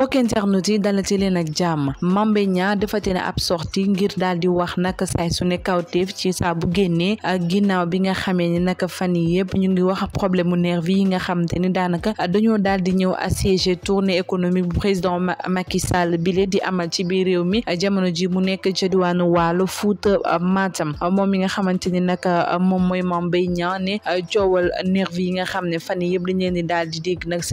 mbokk internet yi dalati leen ak jàmm Mame Mbaye Niang defati na ab sortie ngir daal di wax naka saay su ne kawteef ci saa bu génnee ak ginnaaw bi nga xamee ni naka fan yi yëpp ñu ngi wax problème mu nervi yi nga xamante ni daanaka dañoo daal di ñëw assiégé tournée économique bu président Macky Sall bile di amal ci biir réew mi jamono ji mu nekk ci diwaanu Waalo Fuuta Matam moom mi nga xamante ni naka moom mooy Mame Mbaye Niang ne coowal nervi yi nga xam ne fan yi yëpp dañ leen di daal di dégg nag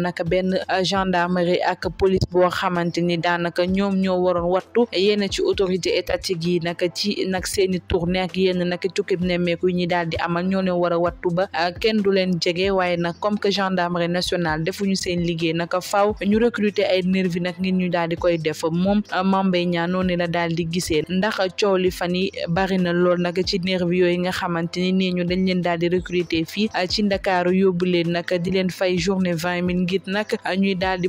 am nag benn gendarmerie ak police boo xamante ni daanaka ñoom ñoo waroon wattu yenn ci autorité étatique yi nag ci nag seen i tournée ak yenn nag tukkib nemmeeku yi ñi daal di amal ñoo war a wattu ba euh, kenn du leen jege waaye nag comme que gendarmerie nationale defuñu seen liggéey nag faw ñu recruter ay nervi nag ngir ñu daal di koy def moom euh, Mambey Niang noonu la daal di gisee ndax coow li fan yi bari na lool nag ci nervi yooyu nga xamante ni nee ñu dañ leen daal di recruter fii euh, ci Ndakaaru yóbbu leen nag di leen fay journée vingt mille ngir nag ñuy daal di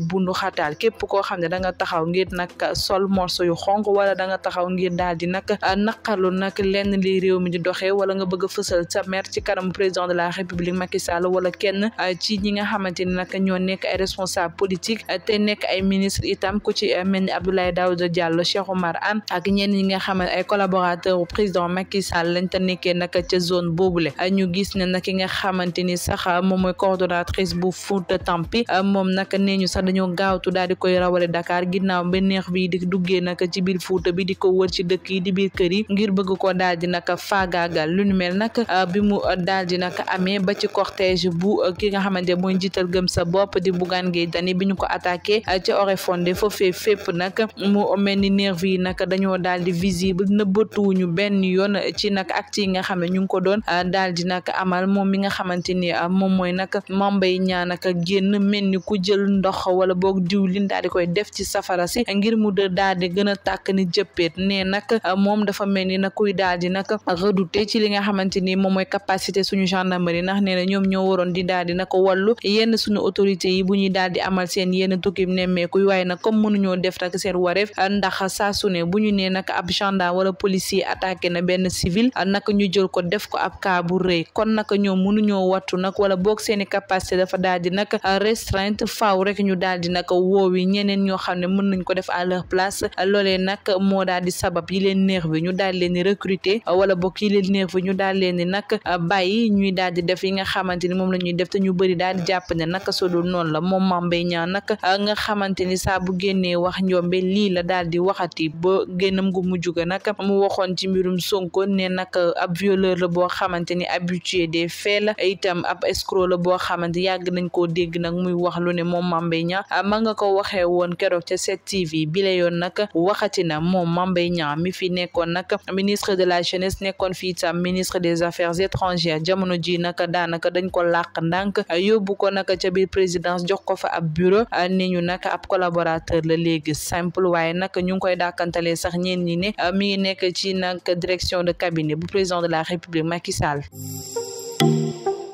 képp koo xam ne da nga taxaw ngir nag sol morso yu xonk wala da nga taxaw ngir daal di nag naqarlu nag lenn li réew mi di doxee wala nga bëgg a fësal sa mer ci kanam président de la république Macky Sall wala kenn ci ñi nga xamante ni nag ñoo nekk ay responsable politique te nekk ay ministre itam ku ci mel ni Abdoulaye Daouda Diallo Cheikh Oumar Anne ak ñenn ñi nga xam ay collaborateur président Macky Sall lañ te nekkee nag ca zone boobule ñu gis ne nga xamante sax moom mooy coordonnatrice bu Fouta Tampi bi euh, moom nag nee ñu sax dañoo gaawtu daal di koy rawale Dakar ginnaaw ba neex di duggee nag ci biir Fuuta bi di ko wër ci dëkk yi di biir kër ngir bëgg ko daal di nag faagaagal lu ñu mel nag euh, bi mu euh, daal di nag amee ba ci cortège bu ki nga xamante mooy njiital gëm sa bopp di Bougane Gueye Dany bi ñu ko attaqué ci Oréfondé foofee fépp nag mu mel ni nerve yi nag dañoo daal di visible nëbbatuwuñu benn yoon ci nag acte yi nga xam ñu ngi ko doon daal di nag amal moom mi nga xamante ni moom mooy nag Mame Mbaye Niang nag génn mel ni ku jël ndox wala boog diwlin daal di koy def ci safara si ngir mu de daal di gën a tàkk ni jëppeet nee nag moom dafa mel ni nag kuy daal di nag redouté ci li nga xamante ni moom mooy capacité suñu gendarmerie ndax nee na ñoom ñoo waroon di daal di nag wàllu yenn suñu autorité yi bu ñuy daal di amal seen yenn tukki nemmeekuy waaye nag comme mënuñoo def nag seen wareef ndax saa su ne bu ñu nee nag ab gendarme wala policier attaqué na benn civil nak ñu jël ko def ko ab cas restreinte faaw rek ñu daal di nag woowi ñeneen ñoo xam ne mën nañ ko def à leur place loolee nag moo daal di sabab yi leen neex bi ñu daal leen di recruter wala bokk yi leen neex bi ñu daal leen di nag bàyyi ñuy daal di def yi nga xamante ni moom la ñuy def te ñu bëri daal di jàpp ne nag soo dul la moom Mame Mbaye Niang nag nga xamante ni saa bu génnee wax njombe lii la daal di waxati ba génnam gu mujj ga nag mu waxoon ci mbirum Sonko ne nag ab violeur la boo xamante ni habitué des faits la itam ab muy wax lu ne moom Mame Mbaye Niang ah, nga ko waxee woon keroog ca 7TV bi la yoon nag waxati na moom Mame ñaam mi fi nekkoon nag ministre de la jeunesse nekkoon fii tam ministre des affaires étrangères jamono ji nag daanaka dañ ko làq ndànk yóbbu ko nag ca biir présidence jox ko fa ab bureau ah, ne ñu nag ab collaborateur la léegi simple waaye nag ñu ngi koy dàkkantalee sax ñeen ñi ne ah, mi ngi nekk ci nag direction de cabinet bu président de la république Macky Sall